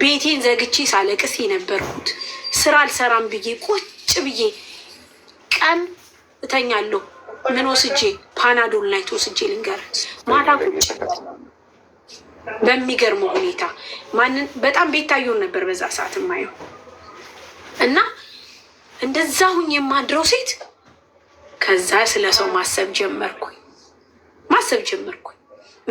ቤቴን ዘግቼ ሳለቅስ የነበርኩት ስራ አልሰራም ብዬ ቁጭ ብዬ ቀን እተኛለሁ። ምን ወስጄ ፓናዶል ናይት ወስጄ ልንገር፣ ማታ ቁጭ በሚገርመው ሁኔታ ማንን በጣም ቤታየውን ነበር በዛ ሰዓት ማየው እና እንደዛ ሁኝ የማድረው ሴት ከዛ ስለ ሰው ማሰብ ጀመርኩኝ ማሰብ ጀመርኩኝ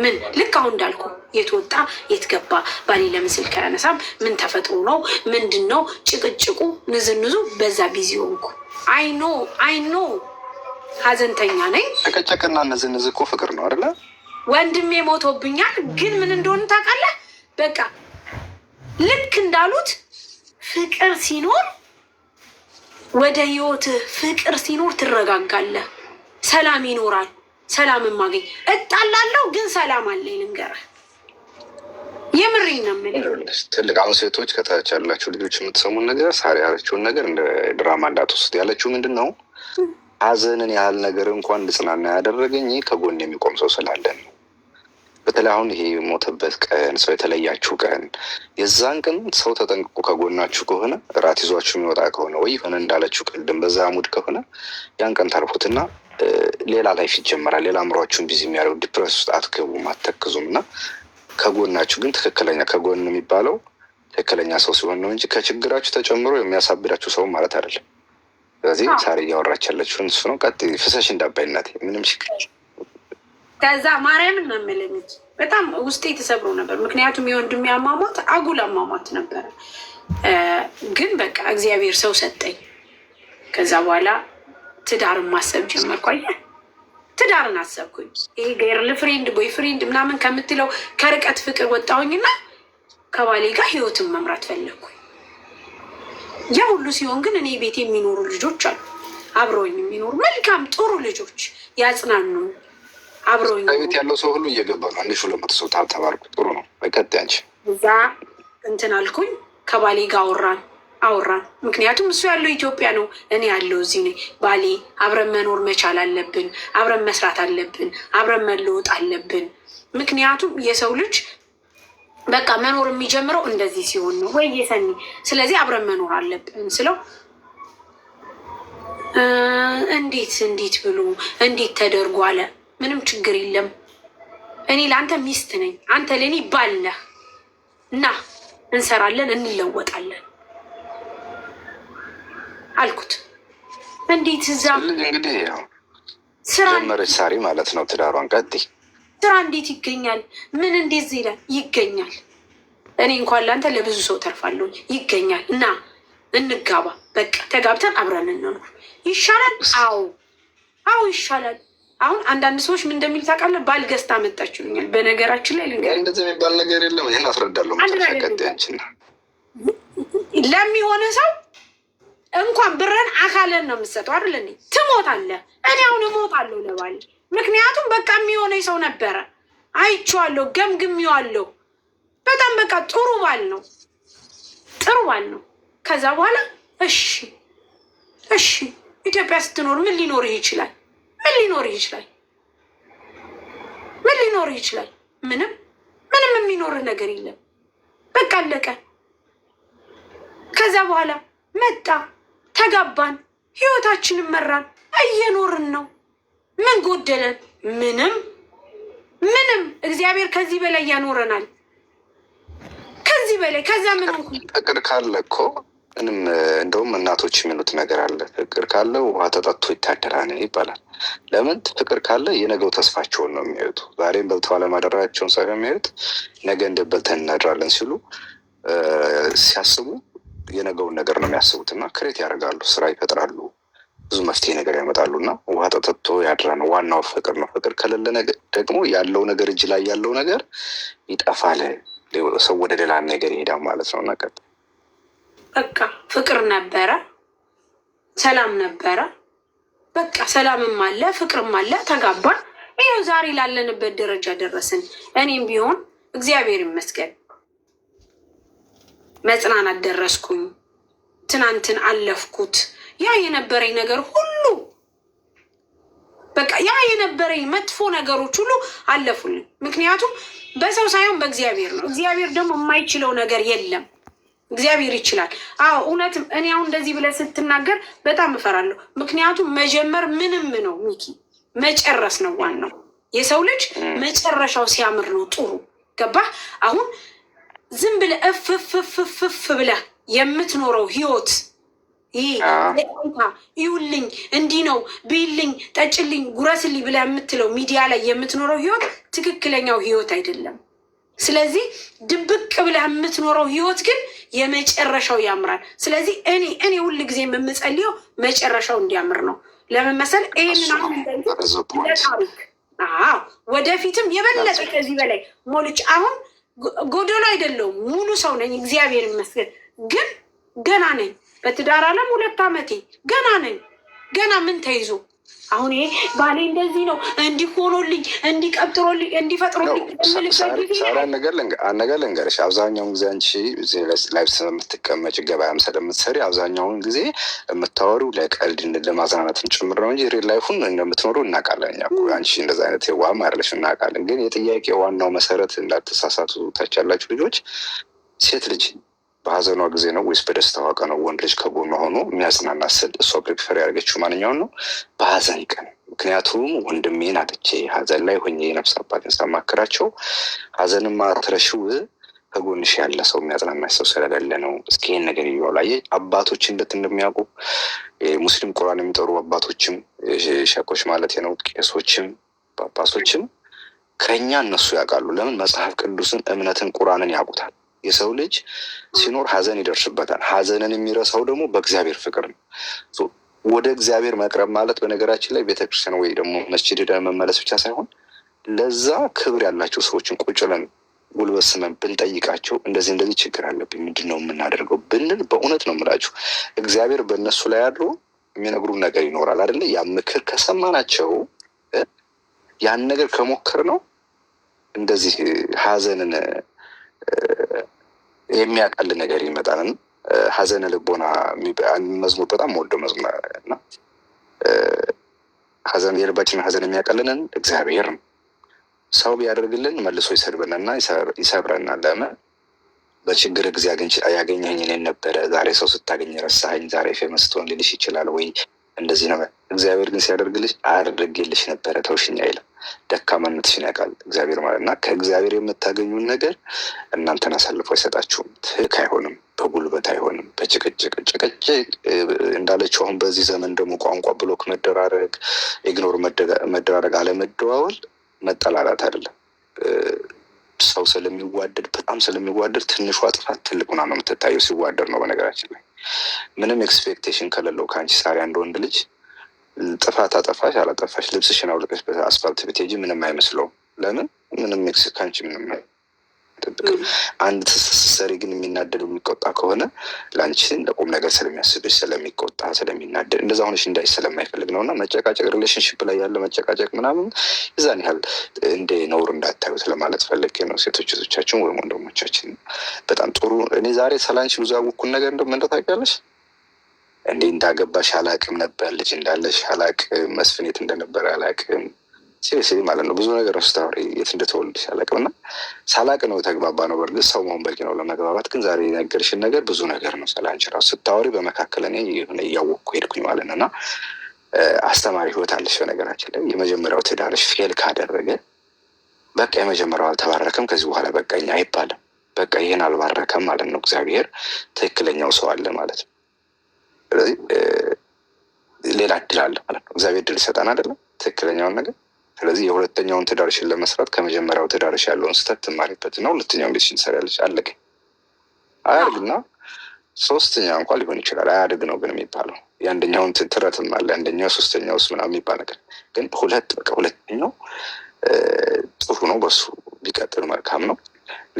ምን ልክ አሁን እንዳልኩ የት ወጣ የት ገባ፣ ባሌ ለምን ስልክ አያነሳም፣ ምን ተፈጥሮ ነው፣ ምንድን ነው ጭቅጭቁ፣ ንዝንዙ፣ በዛ ቢዚ ሆንኩ። አይኖ አይኖ ሀዘንተኛ ነኝ። ጭቅጭቅና ንዝንዝ እኮ ፍቅር ነው አይደለ? ወንድሜ ሞቶብኛል። ግን ምን እንደሆነ ታውቃለህ? በቃ ልክ እንዳሉት ፍቅር ሲኖር ወደ ህይወት ፍቅር ሲኖር ትረጋጋለህ፣ ሰላም ይኖራል። ሰላም ማገኝ እጣላለሁ፣ ግን ሰላም አለኝ። ልንገርህ የምሬን ነው ትልቅ አሁን ሴቶች ከታች ያላችሁ ልጆች የምትሰሙን ነገር ሳሪ ያለችውን ነገር እንደ ድራማ እንዳትወስድ ያለችው ምንድን ነው፣ ሀዘንን ያህል ነገር እንኳን እንድጽናና ያደረገኝ ከጎን የሚቆም ሰው ስላለን ነው። በተለይ አሁን ይሄ የሞተበት ቀን ሰው የተለያችሁ ቀን፣ የዛን ቀን ሰው ተጠንቅቆ ከጎናችሁ ከሆነ ራት ይዟችሁ የሚወጣ ከሆነ ወይ ሆነ እንዳለችው ቅድም በዛ ሙድ ከሆነ ያን ቀን ታርፉትና ሌላ ላይፍ ይጀመራል። ሌላ አእምሯችሁን ቢዚ የሚያደርጉ ዲፕረስ ውስጥ አትገቡም፣ አትተክዙም። እና ከጎናችሁ ግን ትክክለኛ ከጎን የሚባለው ትክክለኛ ሰው ሲሆን ነው እንጂ ከችግራችሁ ተጨምሮ የሚያሳብዳችሁ ሰው ማለት አይደለም። ስለዚህ ሳሪ እያወራች ያለችውን እሱ ነው። ቀጥ ፍሰሽ እንዳባይነት ምንም ሽ ከዛ ማርያምን ነው በጣም ውስጤ የተሰብሮ ነበር፣ ምክንያቱም የወንድም አሟሟት አጉል አሟሟት ነበረ። ግን በቃ እግዚአብሔር ሰው ሰጠኝ። ከዛ በኋላ ትዳርን ማሰብ ጀመርኩ። አየህ ትዳርን አሰብኩኝ። ይሄ ገርል ፍሬንድ ቦይ ፍሬንድ ምናምን ከምትለው ከርቀት ፍቅር ወጣሁኝና ከባሌ ጋር ህይወትን መምራት ፈለግኩኝ። ያ ሁሉ ሲሆን ግን እኔ ቤት የሚኖሩ ልጆች አሉ፣ አብረውኝ የሚኖሩ መልካም ጥሩ ልጆች ያጽናኑ። አብረውኝ ቤት ያለው ሰው ሁሉ እየገባ ነው። አንድ ሁለት ሰው ተባርኩ። ጥሩ ነው። በቀጥ ያንቺ እዛ እንትን አልኩኝ። ከባሌ ጋር አወራን። አወራን። ምክንያቱም እሱ ያለው ኢትዮጵያ ነው፣ እኔ ያለው እዚህ ነኝ። ባሌ አብረን መኖር መቻል አለብን፣ አብረን መስራት አለብን፣ አብረን መለወጥ አለብን። ምክንያቱም የሰው ልጅ በቃ መኖር የሚጀምረው እንደዚህ ሲሆን ነው ወይ የሰኒ። ስለዚህ አብረን መኖር አለብን ስለው እንዴት እንዴት ብሎ እንዴት ተደርጎ አለ። ምንም ችግር የለም እኔ ለአንተ ሚስት ነኝ፣ አንተ ለእኔ ባል ነህ እና እንሰራለን፣ እንለወጣለን አልኩት። እንዴት እዛ እንግዲህ ስራ ጀመረች ሳሪ ማለት ነው። ትዳሯን ቀጥ ስራ እንዴት ይገኛል? ምን እንዴት ይላል? ይገኛል? እኔ እንኳን ለአንተ ለብዙ ሰው ተርፋለሁ። ይገኛል እና እንጋባ በቃ ተጋብተን አብረን እንኖር ይሻላል። አዎ አዎ ይሻላል። አሁን አንዳንድ ሰዎች ምን እንደሚል ታውቃለህ? ባል ገዝታ መጣችሁኛል። በነገራችን ላይ እንደዚህ የሚባል ነገር የለም። ይህን አስረዳለሁ። ለሚሆነ ሰው እንኳን ብረን አካለን ነው የምትሰጠው አይደል? እኔ ትሞታለህ። እኔ አሁን እሞታለሁ ለባል ምክንያቱም በቃ የሚሆነኝ ሰው ነበረ፣ አይቼዋለሁ፣ ገምግሜዋለሁ። በጣም በቃ ጥሩ ባል ነው፣ ጥሩ ባል ነው። ከዛ በኋላ እሺ እሺ፣ ኢትዮጵያ ስትኖር ምን ሊኖርህ ይችላል? ምን ሊኖርህ ይችላል? ምን ሊኖርህ ይችላል? ምንም ምንም የሚኖርህ ነገር የለም። በቃ አለቀ። ከዛ በኋላ መጣ ተጋባን፣ ህይወታችን መራን፣ እየኖርን ነው። ምን ጎደለን? ምንም ምንም። እግዚአብሔር ከዚህ በላይ ያኖረናል። ከዚህ በላይ ከዛ ምን ፍቅር ካለ እኮ ምንም እንደውም እናቶች የሚሉት ነገር አለ። ፍቅር ካለ ውሃ ተጠጥቶ ይታደራል ይባላል። ለምን ፍቅር ካለ የነገው ተስፋቸውን ነው የሚያዩት። ዛሬም በልተው አለማደራቸውን ሳይሆን የሚያዩት ነገ እንደበልተን እናድራለን ሲሉ ሲያስቡ የነገውን ነገር ነው የሚያስቡት እና ክሬት ያደርጋሉ፣ ስራ ይፈጥራሉ፣ ብዙ መፍትሄ ነገር ያመጣሉ እና ውሃ ጠጥቶ ነው ዋናው ፍቅር ነው። ፍቅር ከሌለ ደግሞ ያለው ነገር እጅ ላይ ያለው ነገር ይጠፋል። ሰው ወደ ሌላ ነገር ይሄዳል ማለት ነው እና በቃ ፍቅር ነበረ፣ ሰላም ነበረ። በቃ ሰላምም አለ ፍቅርም አለ፣ ተጋባን። ይኸው ዛሬ ላለንበት ደረጃ ደረስን። እኔም ቢሆን እግዚአብሔር ይመስገን መጽናናት ደረስኩኝ። ትናንትን አለፍኩት። ያ የነበረኝ ነገር ሁሉ በቃ ያ የነበረኝ መጥፎ ነገሮች ሁሉ አለፉልን። ምክንያቱም በሰው ሳይሆን በእግዚአብሔር ነው። እግዚአብሔር ደግሞ የማይችለው ነገር የለም። እግዚአብሔር ይችላል። አዎ እውነትም። እኔ አሁን እንደዚህ ብለህ ስትናገር በጣም እፈራለሁ። ምክንያቱም መጀመር ምንም ነው ሚኪ፣ መጨረስ ነው ዋናው። የሰው ልጅ መጨረሻው ሲያምር ነው ጥሩ። ገባህ አሁን ዝም ብለህ እፍፍፍፍፍ ብለህ የምትኖረው ህይወት ይህ ይሁልኝ እንዲህ ነው ብይልኝ፣ ጠጭልኝ፣ ጉረስልኝ ብለህ የምትለው ሚዲያ ላይ የምትኖረው ህይወት ትክክለኛው ህይወት አይደለም። ስለዚህ ድብቅ ብለህ የምትኖረው ህይወት ግን የመጨረሻው ያምራል። ስለዚህ እኔ እኔ ሁል ጊዜ የምጸልየው መጨረሻው እንዲያምር ነው። ለምን መሰል ይህንን ወደፊትም የበለጠ ከዚህ በላይ ሞልጭ አሁን ጎደሎ አይደለውም፣ ሙሉ ሰው ነኝ፣ እግዚአብሔር ይመስገን። ግን ገና ነኝ፣ በትዳር አለም ሁለት ዓመቴ ገና ነኝ። ገና ምን ተይዞ አሁን ይሄ ባሌ እንደዚህ ነው እንዲሆኖልኝ እንዲቀብጥሮልኝ እንዲፈጥሮልኝ ነገር ነገር ልንገርሽ፣ አብዛኛውን ጊዜ አንቺ ላይ ስለምትቀመጭ ገበያም ስለምትሰሪ አብዛኛውን ጊዜ የምታወሪው ለቀልድ ለማዝናናትን ጭምር ነው እንጂ ሪል ላይፉን እንደምትኖሩ እናውቃለን። እኛ አንቺ እንደዚ አይነት የዋህም አይደለሽ እናውቃለን። ግን የጥያቄ ዋናው መሰረት እንዳልተሳሳቱ ታች ያላችሁ ልጆች ሴት ልጅ በሀዘኗ ጊዜ ነው ወይስ በደስታዋ ቀን ነው ወንድ ልጅ ከጎኗ ሆኖ የሚያጽናና ስል እሷ ፕሪፈር ያደርገችው ማንኛውን ነው? በሀዘን ቀን። ምክንያቱም ወንድሜን አጥቼ ሀዘን ላይ ሆኜ የነፍስ አባቴን ሳማክራቸው ሀዘንም ማትረሽው ከጎንሽ ያለ ሰው የሚያጽናና ሰው ስለሌለ ነው። እስኪ ይህን ነገር እየዋላየ አባቶች እንደት እንደሚያውቁ ሙስሊም ቁርአን የሚጠሩ አባቶችም ሸኮች ማለት ነው ቄሶችም ጳጳሶችም ከእኛ እነሱ ያውቃሉ። ለምን መጽሐፍ ቅዱስን እምነትን ቁርአንን ያውቁታል። የሰው ልጅ ሲኖር ሀዘን ይደርስበታል። ሀዘንን የሚረሳው ደግሞ በእግዚአብሔር ፍቅር ነው። ወደ እግዚአብሔር መቅረብ ማለት በነገራችን ላይ ቤተክርስቲያን ወይ ደግሞ መስጅድ ሄደን መመለስ ብቻ ሳይሆን ለዛ ክብር ያላቸው ሰዎችን ቁጭ ብለን ጉልበት ስመን ብንጠይቃቸው እንደዚህ እንደዚህ ችግር አለብኝ ምንድን ነው የምናደርገው ብንል በእውነት ነው የምላችሁ እግዚአብሔር በእነሱ ላይ ያሉ የሚነግሩ ነገር ይኖራል አይደለ? ያ ምክር ከሰማናቸው ያን ነገር ከሞከር ነው እንደዚህ ሀዘንን የሚያቀል ነገር ይመጣልን ሀዘነ ልቦና መዝሙር በጣም ወደው መዝሙር እና ሀዘን የልባችንን ሀዘን የሚያቀልንን እግዚአብሔር ነው። ሰው ቢያደርግልን መልሶ ይሰድበናልና ይሰብረናል። ለምን በችግር ጊዜ ያገኘኝ እኔን ነበረ ዛሬ ሰው ስታገኝ ረሳኸኝ፣ ዛሬ ፌመስ ትሆን ሊልሽ ይችላል ወይ እንደዚህ ነው። እግዚአብሔር ግን ሲያደርግልሽ አድርጌልሽ ነበረ ተውሽኝ አይልም። ደካማነትሽን ያውቃል እግዚአብሔር ማለት እና ከእግዚአብሔር የምታገኙን ነገር እናንተን አሳልፎ አይሰጣችሁም። ትክ አይሆንም፣ በጉልበት አይሆንም፣ በጭቅጭቅ ጭቅጭቅ እንዳለችው አሁን በዚህ ዘመን ደግሞ ቋንቋ ብሎክ መደራረግ፣ ኢግኖር መደራረግ፣ አለመደዋወል መጠላላት አይደለም ሰው ስለሚዋደድ በጣም ስለሚዋደድ ትንሿ ጥፋት ትልቅ ሆና ነው የምትታየው። ሲዋደድ ነው በነገራችን ላይ ምንም ኤክስፔክቴሽን ከሌለው ከአንቺ ሳሪያ እንደ ወንድ ልጅ ጥፋት አጠፋሽ አላጠፋሽ ልብስሽን አውልቀሽ በአስፋልት ብትሄጂ ምንም አይመስለውም። ለምን ምንም ከአንቺ ምንም ጠብቅ። አንድ ትሰሪ ግን የሚናደድ የሚቆጣ ከሆነ ለአንቺን ለቁም ነገር ስለሚያስብሽ ስለሚቆጣ ስለሚናደድ እንደዛ ሆነሽ እንዳይሽ ስለማይፈልግ ነው እና መጨቃጨቅ ሪሌሽንሽፕ ላይ ያለ መጨቃጨቅ ምናምን ይዛን ያህል እንደ ነውር እንዳታዩት ለማለት ፈልጌ ነው። ሴቶች ቶቻችን ወይም ወንድሞቻችን በጣም ጥሩ። እኔ ዛሬ ስላንቺ ብዙ ያወቅኩን ነገር እንደ መንደት ታውቂያለሽ እንዴ እንዳገባሽ አላቅም ነበር። ልጅ እንዳለሽ አላቅም። መስፍኔት እንደነበረ አላቅም። ሲሪስ ማለት ነው። ብዙ ነገር ስታወሪ የት እንደተወለድሽ ሲያለቅም እና ሳላቅ ነው የተግባባ ነው። በእርግጥ ሰው መሆን በቂ ነው ለመግባባት። ግን ዛሬ የነገርሽን ነገር ብዙ ነገር ነው ስላንቺ እራሱ ስታወሪ በመካከል እኔ እያወቅኩ ሄድኩኝ ማለት ነው እና አስተማሪ ህይወት አለሽ። በነገራችን ላይ የመጀመሪያው ትዳርሽ ፌል ካደረገ በቃ የመጀመሪያው አልተባረከም፣ ከዚህ በኋላ በቃኝ አይባልም። በቃ ይህን አልባረከም ማለት ነው። እግዚአብሔር ትክክለኛው ሰው አለ ማለት ነው። ስለዚህ ሌላ እድል አለ ማለት ነው። እግዚአብሔር ድል ይሰጠን አይደለም ትክክለኛውን ነገር ስለዚህ የሁለተኛውን ትዳርሽን ለመስራት ከመጀመሪያው ትዳርሽ ያለውን ስህተት ትማሪበት እና ሁለተኛውን ቤትሽን ትሰሪያለሽ። አለቀ። አያድግና ሶስተኛ እንኳ ሊሆን ይችላል። አያድግ ነው ግን የሚባለው የአንደኛውን ትረትም አለ አንደኛው ሶስተኛ ውስጥ ምናምን የሚባል ነገር ግን ሁለት በቃ ሁለተኛው ጥሩ ነው፣ በሱ ቢቀጥል መልካም ነው።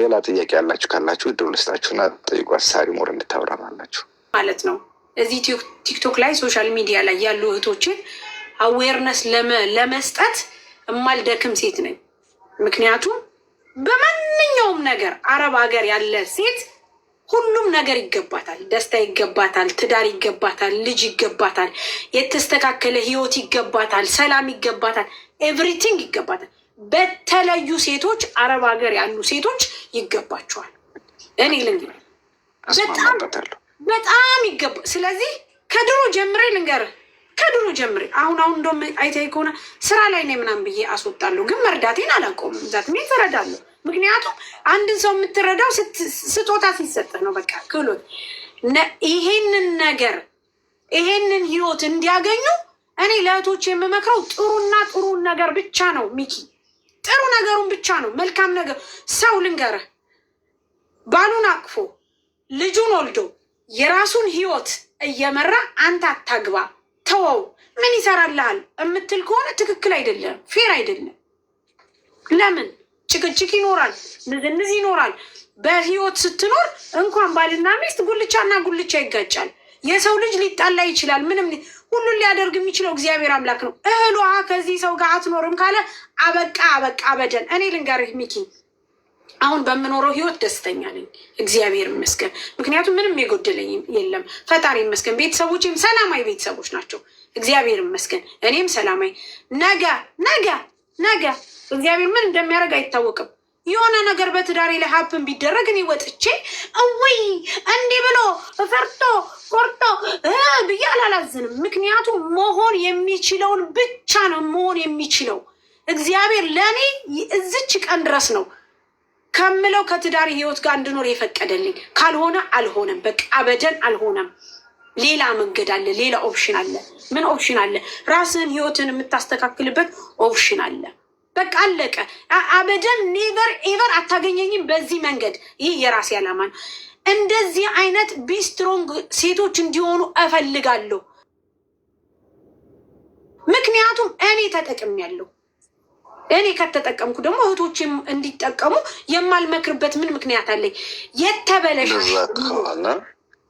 ሌላ ጥያቄ ያላችሁ ካላችሁ እድሉ ልስጣችሁና ጠይቁ። አሳሪ ሞር እንድታብራራላችሁ ማለት ነው። እዚህ ቲክቶክ ላይ ሶሻል ሚዲያ ላይ ያሉ እህቶችን አዌርነስ ለመስጠት እማልደክም ሴት ነኝ። ምክንያቱም በማንኛውም ነገር አረብ ሀገር ያለ ሴት ሁሉም ነገር ይገባታል። ደስታ ይገባታል፣ ትዳር ይገባታል፣ ልጅ ይገባታል፣ የተስተካከለ ህይወት ይገባታል፣ ሰላም ይገባታል፣ ኤቭሪቲንግ ይገባታል። በተለዩ ሴቶች አረብ ሀገር ያሉ ሴቶች ይገባቸዋል። እኔ ልንገር በጣም በጣም ይገባ። ስለዚህ ከድሮ ጀምሬ ልንገርህ ከድሮ ጀምሬ አሁን አሁን እንደውም አይታይ ከሆነ ስራ ላይ ነው ምናምን ብዬ አስወጣለሁ፣ ግን መርዳቴን አላቆምም። ዛት ሜ እረዳለሁ። ምክንያቱም አንድን ሰው የምትረዳው ስጦታ ሲሰጥህ ነው። በቃ ክህሎት ይሄንን ነገር ይሄንን ህይወት እንዲያገኙ እኔ ለእህቶች የምመክረው ጥሩና ጥሩን ነገር ብቻ ነው። ሚኪ ጥሩ ነገሩን ብቻ ነው። መልካም ነገር ሰው ልንገርህ፣ ባሉን አቅፎ ልጁን ወልዶ የራሱን ህይወት እየመራ አንተ አታግባ። ተወው፣ ምን ይሰራልሃል የምትል ከሆነ ትክክል አይደለም፣ ፌር አይደለም። ለምን ጭቅጭቅ ይኖራል፣ ንዝንዝ ይኖራል። በህይወት ስትኖር እንኳን ባልና ሚስት ጉልቻና ጉልቻ ይጋጫል። የሰው ልጅ ሊጣላ ይችላል። ምንም ሁሉን ሊያደርግ የሚችለው እግዚአብሔር አምላክ ነው። እህሏ ከዚህ ሰው ጋር አትኖርም ካለ አበቃ፣ አበቃ፣ በደን እኔ ልንገርህ ሚኪ አሁን በምኖረው ህይወት ደስተኛ ነኝ፣ እግዚአብሔር ይመስገን። ምክንያቱም ምንም የጎደለኝ የለም፣ ፈጣሪ ይመስገን። ቤተሰቦቼም ሰላማዊ ቤተሰቦች ናቸው፣ እግዚአብሔር ይመስገን። እኔም ሰላማዊ ነገ ነገ ነገ እግዚአብሔር ምን እንደሚያደርግ አይታወቅም። የሆነ ነገር በትዳሬ ላይ ሀብን ቢደረግ እኔ ወጥቼ እውይ እንዲህ ብሎ ፈርቶ ቆርጦ ብዬ አላላዝንም። ምክንያቱም መሆን የሚችለውን ብቻ ነው መሆን የሚችለው እግዚአብሔር ለእኔ እዝች ቀን ድረስ ነው ከምለው ከትዳር ህይወት ጋር እንድኖር የፈቀደልኝ ካልሆነ አልሆነም። በቃ አበደን አልሆነም። ሌላ መንገድ አለ፣ ሌላ ኦፕሽን አለ። ምን ኦፕሽን አለ? ራስህን ህይወትን የምታስተካክልበት ኦፕሽን አለ። በቃ አለቀ። አበደን ኔቨር ኤቨር አታገኘኝም በዚህ መንገድ። ይህ የራሴ ዓላማ ነው። እንደዚህ አይነት ቢስትሮንግ ሴቶች እንዲሆኑ እፈልጋለሁ። ምክንያቱም እኔ ተጠቅሜያለሁ። እኔ ከተጠቀምኩ ደግሞ እህቶችም እንዲጠቀሙ የማልመክርበት ምን ምክንያት አለኝ? የተበለሻ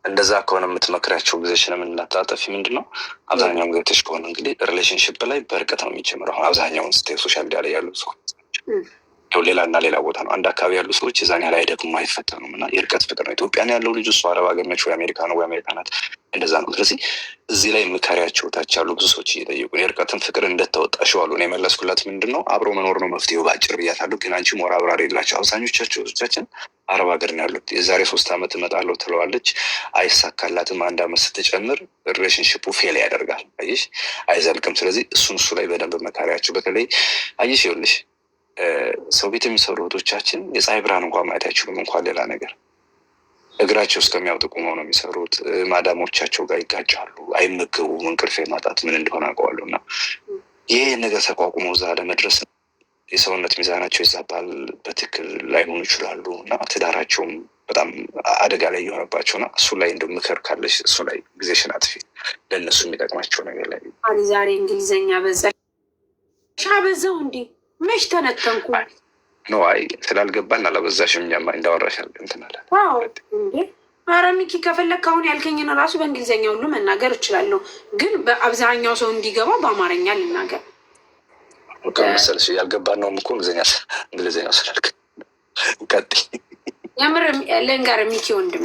እንደዛ ከሆነ የምትመክሪያቸው ጊዜሽን የምናጣጠፊ ምንድን ነው? አብዛኛውን ገብተሽ ከሆነ እንግዲህ ሪሌሽንሽፕ ላይ በርቀት ነው የሚጀምረው። አብዛኛውን ስቴ ሶሻል ሚዲያ ላይ ያሉ ሰዎች ያው ሌላ እና ሌላ ቦታ ነው። አንድ አካባቢ ያሉ ሰዎች የዛን ያህል አይደሉም፣ አይፈተኑም እና የእርቀት ፍቅር ነው። ኢትዮጵያን ያለው ልጅ እሱ አረብ ሀገር ነች ወይ አሜሪካ ነው ወይ አሜሪካ ናት፣ እንደዛ ነው። ስለዚህ እዚህ ላይ የምካሪያቸው ታች ያሉ ብዙ ሰዎች እየጠየቁ የእርቀትን ፍቅር እንደተወጣሽው ነው የመለስኩላት ምንድን ነው አብሮ መኖር ነው መፍትሄው በአጭር ብያታለሁ። ግን አንቺ ሞራ አብራር የላቸው አብዛኞቻቸው ቻችን አረብ ሀገር ነው ያሉት። የዛሬ ሶስት ዓመት እመጣለሁ ትለዋለች፣ አይሳካላትም። አንድ ዓመት ስትጨምር ሪሌሽንሽፑ ፌል ያደርጋል። አየሽ፣ አይዘልቅም። ስለዚህ እሱን እሱ ላይ በደንብ መካሪያቸው በተለይ አየሽ ይኸውልሽ ሰው ቤት የሚሰሩ እህቶቻችን የፀሐይ ብርሃን እንኳን ማየት አይችሉም። እንኳን ሌላ ነገር እግራቸው እስከሚያውጥ ቁመው ነው የሚሰሩት። ማዳሞቻቸው ጋር ይጋጫሉ፣ አይመገቡም። እንቅልፍ ማጣት ምን እንደሆነ አውቀዋለሁ። እና ይህ ነገር ተቋቁሞ እዛ ለመድረስ የሰውነት ሚዛናቸው ይዛባል፣ በትክክል ላይሆኑ ይችላሉ። እና ትዳራቸውም በጣም አደጋ ላይ እየሆነባቸው ና እሱ ላይ እንደው ምክር ካለች እሱ ላይ ጊዜሽን አጥፊ፣ ለእነሱ የሚጠቅማቸው ነገር ላይ ዛሬ እንግሊዝኛ በዛ በዛው እንዴ መች ተነተንኩ ነው? አይ ስላልገባን አላበዛሽም። እኛማ እንዳወራሽ እንትን አለ። ኧረ ሚኪ ከፈለግ ካሁን ያልከኝን ራሱ በእንግሊዝኛ ሁሉ መናገር እችላለሁ፣ ግን በአብዛኛው ሰው እንዲገባ በአማርኛ ልናገር መሰለሽ። ያልገባን ነው እኮ እንግሊዝኛ እንግሊዝኛ ስላልክ ቀጥ የምር ለንጋር ሚኪ ወንድም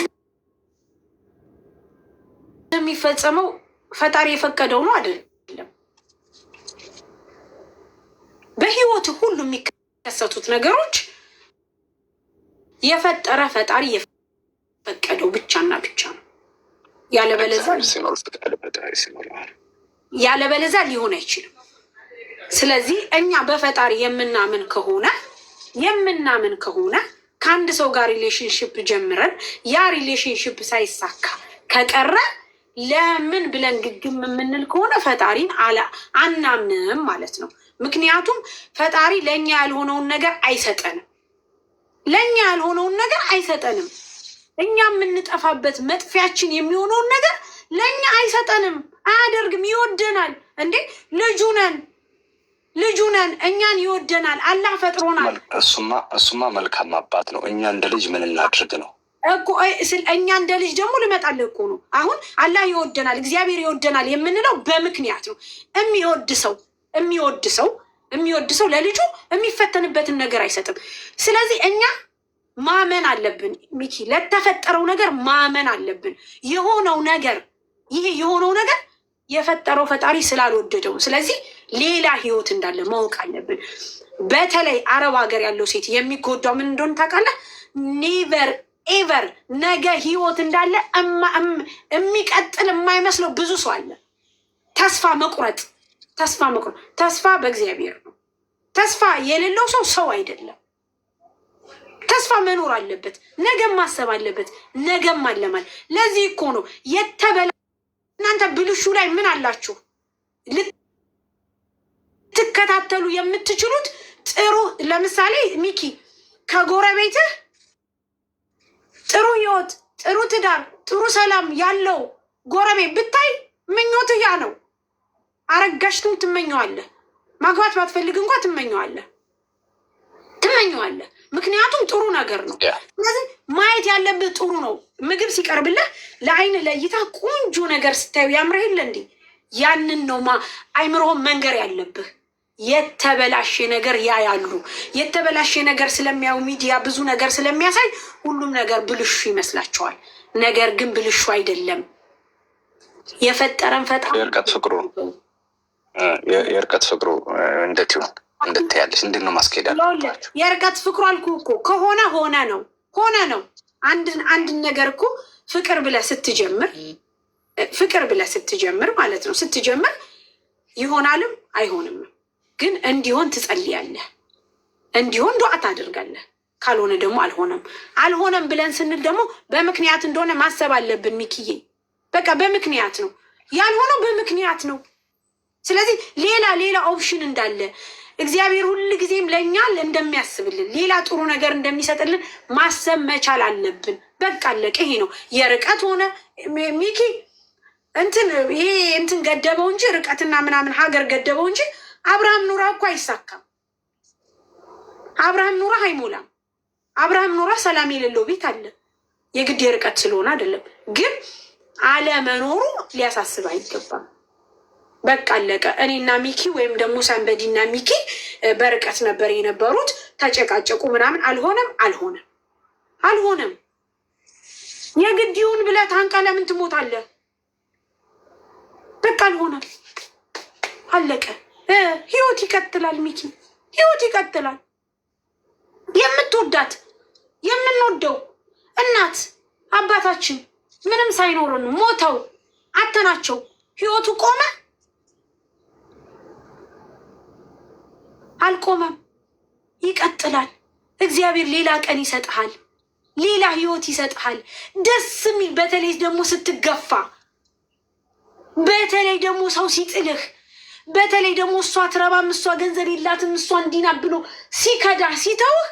የሚፈጸመው ፈጣሪ የፈቀደው ነው አይደል? በህይወት ሁሉ የሚከሰቱት ነገሮች የፈጠረ ፈጣሪ የፈቀደው ብቻና ብቻ ነው። ያለበለዛ ሊሆን አይችልም። ስለዚህ እኛ በፈጣሪ የምናምን ከሆነ የምናምን ከሆነ ከአንድ ሰው ጋር ሪሌሽንሽፕ ጀምረን ያ ሪሌሽንሽፕ ሳይሳካ ከቀረ ለምን ብለን ግግም የምንል ከሆነ ፈጣሪን አናምንም ማለት ነው። ምክንያቱም ፈጣሪ ለእኛ ያልሆነውን ነገር አይሰጠንም። ለእኛ ያልሆነውን ነገር አይሰጠንም። እኛ የምንጠፋበት መጥፊያችን የሚሆነውን ነገር ለእኛ አይሰጠንም፣ አያደርግም። ይወደናል እንዴ! ልጁ ነን፣ ልጁ ነን። እኛን ይወደናል። አላህ ፈጥሮናል። እሱማ እሱማ መልካም አባት ነው። እኛ እንደ ልጅ ምን እናድርግ ነው እኮ እኛ እንደ ልጅ ደግሞ ልመጣል እኮ ነው። አሁን አላህ ይወደናል፣ እግዚአብሔር ይወደናል የምንለው በምክንያት ነው። የሚወድ ሰው የሚወድ ሰው የሚወድ ሰው ለልጁ የሚፈተንበትን ነገር አይሰጥም። ስለዚህ እኛ ማመን አለብን። ሚኪ ለተፈጠረው ነገር ማመን አለብን። የሆነው ነገር ይሄ የሆነው ነገር የፈጠረው ፈጣሪ ስላልወደደው፣ ስለዚህ ሌላ ህይወት እንዳለ ማወቅ አለብን። በተለይ አረብ ሀገር ያለው ሴት የሚጎዳው ምን እንደሆነ ታውቃለህ? ኔቨር ኤቨር ነገ ህይወት እንዳለ የሚቀጥል የማይመስለው ብዙ ሰው አለ። ተስፋ መቁረጥ ተስፋ መቁረ ተስፋ በእግዚአብሔር ነው። ተስፋ የሌለው ሰው ሰው አይደለም። ተስፋ መኖር አለበት። ነገም ማሰብ አለበት። ነገም አለማል። ለዚህ እኮ ነው የተበላ እናንተ ብልሹ ላይ ምን አላችሁ ልትከታተሉ የምትችሉት ጥሩ። ለምሳሌ ሚኪ ከጎረቤትህ ጥሩ ህይወት፣ ጥሩ ትዳር፣ ጥሩ ሰላም ያለው ጎረቤት ብታይ ምኞትህ ያ ነው። አረጋሽትም ትመኘዋለህ። ማግባት ባትፈልግ እንኳ ትመኘዋለህ ትመኘዋለህ። ምክንያቱም ጥሩ ነገር ነው። ስለዚህ ማየት ያለብህ ጥሩ ነው። ምግብ ሲቀርብልህ ለአይን ለእይታ ቆንጆ ነገር ስታዩ ያምርህ የለ እንዴ? ያንን ነው ማ አይምሮህን መንገር ያለብህ። የተበላሸ ነገር ያያሉ። የተበላሸ ነገር ስለሚያዩ ሚዲያ ብዙ ነገር ስለሚያሳይ ሁሉም ነገር ብልሹ ይመስላቸዋል። ነገር ግን ብልሹ አይደለም። የፈጠረን ፈጣሪ የእርቀት ፍቅሩ እንደት ይሁን እንደት ያለች እንድን ነው ማስኬድ የእርቀት ፍቅሩ አልኩ እኮ ከሆነ ሆነ ነው ሆነ ነው። አንድን ነገር እኮ ፍቅር ብለ ስትጀምር ፍቅር ብለ ስትጀምር ማለት ነው ስትጀምር ይሆናልም አይሆንም፣ ግን እንዲሆን ትጸልያለህ፣ እንዲሆን ዱዓ ታደርጋለህ። ካልሆነ ደግሞ አልሆነም። አልሆነም ብለን ስንል ደግሞ በምክንያት እንደሆነ ማሰብ አለብን። ሚክዬ በቃ በምክንያት ነው ያልሆነው፣ በምክንያት ነው። ስለዚህ ሌላ ሌላ ኦፕሽን እንዳለ እግዚአብሔር ሁል ጊዜም ለእኛ እንደሚያስብልን ሌላ ጥሩ ነገር እንደሚሰጥልን ማሰብ መቻል አለብን። በቃ አለቀ። ይሄ ነው የርቀት ሆነ ሚኪ እንትን ይሄ እንትን ገደበው እንጂ ርቀትና ምናምን ሀገር ገደበው እንጂ አብርሃም ኑራ እኮ አይሳካም። አብርሃም ኑራ አይሞላም። አብርሃም ኑራ ሰላም የሌለው ቤት አለ። የግድ የርቀት ስለሆነ አይደለም፣ ግን አለመኖሩ ሊያሳስብ አይገባም። በቃ አለቀ። እኔና ሚኪ ወይም ደግሞ ሰንበዲና ሚኪ በርቀት ነበር የነበሩት። ተጨቃጨቁ ምናምን አልሆነም አልሆነም አልሆነም። የግዲውን ብለህ ታንቃ ለምን ትሞታለህ? በቃ አልሆነም አለቀ። ህይወት ይቀጥላል። ሚኪ ህይወት ይቀጥላል። የምትወዳት የምንወደው እናት አባታችን ምንም ሳይኖረን ሞተው አተናቸው ህይወቱ ቆመ። አልቆመም፣ ይቀጥላል። እግዚአብሔር ሌላ ቀን ይሰጥሃል፣ ሌላ ህይወት ይሰጥሃል። ደስ የሚል በተለይ ደግሞ ስትገፋ፣ በተለይ ደግሞ ሰው ሲጥልህ፣ በተለይ ደግሞ እሷ ትረባም፣ እሷ ገንዘብ የላትም፣ እሷ እንዲና ብሎ ሲከዳ ሲተውህ